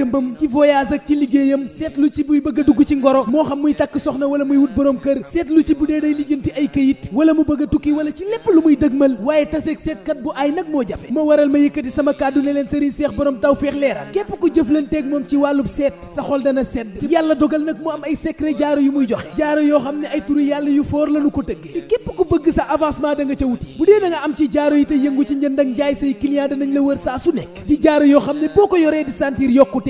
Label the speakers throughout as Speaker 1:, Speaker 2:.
Speaker 1: jëmbam ci voyage ak ci liggéeyam seetlu ci buy bëgg dugg ci ngoro moo xam muy takk soxna wala muy wut borom kër seetlu ci bu dee day lijjanti ay këyit wala mu bëgg tukki wala ci lépp lu muy dëgmal waaye taseeg seetkat bu ay nag moo jafe ma waral ma yëkkati sama kàddu ne leen sëriñ seex borom taw feex leeral képp ku jëflanteeg moom ci wàllub seet sa xol dana sedd yàlla dogal nag mu am ay secret jaaro yu muy joxe jaaro yoo xam ne ay turu yàlla yu foor lanu ko tëggee képp ku bëgg sa avancement da nga wuti bu dee am ci jaaro yi te yëngu ci njënd ak njaay say client danañ la wër saa su nekk jaaro yoo xam ne boo ko yoree di sentir yokkute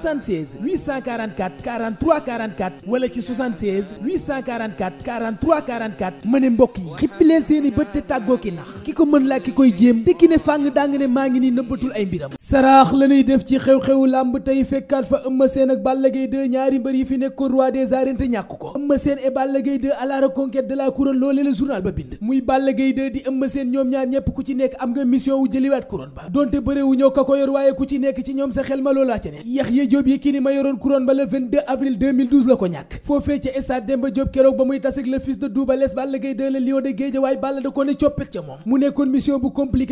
Speaker 1: 76 844 43 44 wala ci 76 844 43 44 ma ne mbokk yi xippi leen seen i bët te tàggoo ki nax ki ko mën laa ki koy jéem te ki ne fàng daa nga ne maa ngi nii nëbbatul ay mbiram saraax la ñuy def ci xew-xewu làmb tey fekkaat fa Eumeu Sène ak Balla Gaye 2 ñaari mbër yi fi nekkoon roi des arènes te ñàkk ko Eumeu Sène et Balla Gaye 2 à la reconquête de la la journal ba bind muy Balla Gaye 2 di Eumeu Sène ñoom ñaar ñépp ku ci nekk am nga mission wu jëliwaat couronne ba donte bëre wu ñëw ko yor waaye ku ci nekk ci ñoom sa xel ma loolaa ca ne yax ya Jóob Yékini ma yoroon couronne ba le 22 la ko ñàkk foofee ca stade Demba ba muy tas ak le fils de Double Less Balla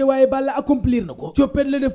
Speaker 1: waaye Balla accomplir ko coppet la def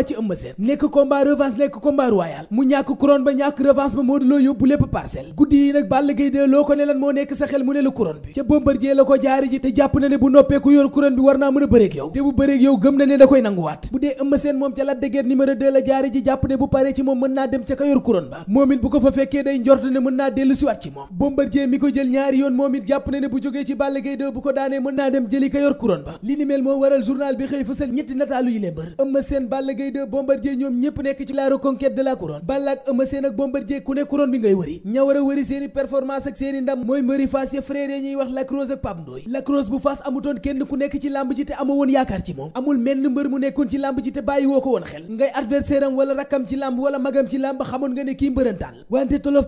Speaker 1: combat ci Eumeu Sène nekk combat revanche nekk combat royal mu ñàkk couronne ba ñàkk revanche ba Modou Lo yóbbu lépp parcelle guddi yi nag Balla Gaye de loo ko ne moo nekk sa xel mu ne la couronne bi ca Bombardier la ko jaari ji te jàpp na ne bu noppee ku yor bi war naa mën a bëreeg yow te bu bëreeg yow gëm na ne da koy nanguwaat bu dee Eumeu Sène moom ca Lac de Guiers numéro la jaari ji jàpp ne bu paree ci moom mën naa dem ca ka yor ba moom it bu ko fa na ne bu Gueye ñoom ñëpp nekk ci la reconquête de la couronne Balla ak Eumeu ku ne couronne bi ngay wëri ña war a wëri seeni performance ak seeni ndam mooy mbëri Fass ya frère ñuy wax Lac Rose ak Pape Ndoye Lac Rose bu Fass amutoon kenn ku nekk ci làmb ji te ama woon yaakaar ci moom amul menn mbër mu nekkoon ci làmb ji te bàyyi woo ko woon xel ngay adversaire am rakkam ci làmb wala magam ci làmb xamoon nga ne kii mbërëntaan wante tolof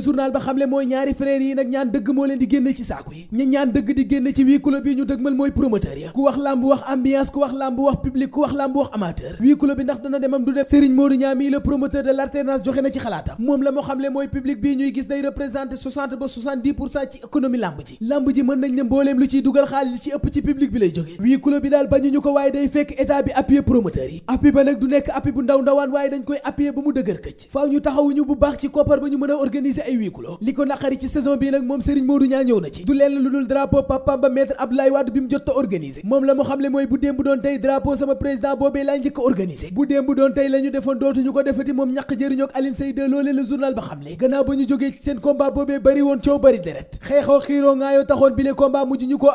Speaker 1: le journal joxe na ci xalaatam moom la moo xamle mooy public bii ñuy gis day représenter ba ci économie lamb ji lamb ji mën nañ ne mbooleem lu ciy dugal xaalis ci ëpp ci public bi lay jóge huis clos bi daal bañu ko waaye day fekk état bi appuyer promoteur yi appui ba nag du nekk appui bu ndaw ndawaan waaye dañ koy appuyer ba mu dëgër këcc faaw ñu taxawuñu bu baax ci koppar ba ñu mën a organiser ay huis clos li ko naqari ci saison bi nag moom Serigne Modou Niang ñëw na ci du leen lu dul drapeau papam ba maître Abdoulaye Wade bi mu jot a organisé moom la mu xamle mooy bu doon tey drapeau sama président boobee laa njëkk a organisé bu doon tey la defoon dootuñu ko defati moom ñàkk jëriñoo ak Aline loole la journal ba xamle gannaaw ba ñu jógee ci seen combat boobee bari woon coow bari deret xeexoo xiiroo ngaayoo taxoon bile combat mujj ñu ko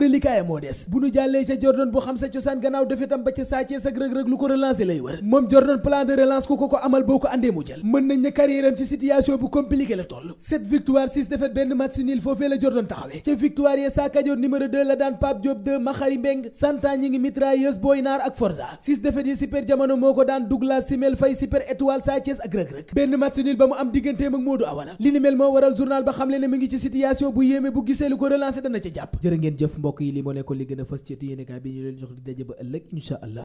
Speaker 1: reliquat moom Jordan plan de relance ku ko ko amal boo ko andee mu jël mën nañ ne ci situation bu compliqué la toll sept victoire six défaite benn match nul foofee la Jordan taxawee ca victoire yee saa kajoor numéro 2 la daan Pape Diop 2 Makhari Mbeng Santa ñi ngi mitrailleuse Boy Naar ak Forza six défaite yi super jamono moo ko daan Douglas Simel Fay super étoile Sa Thiès ak rëg-rëg benn match nul ba mu am digganteem ak Modou Awala li ni mel moo a fas ci yéene kaay bi ñu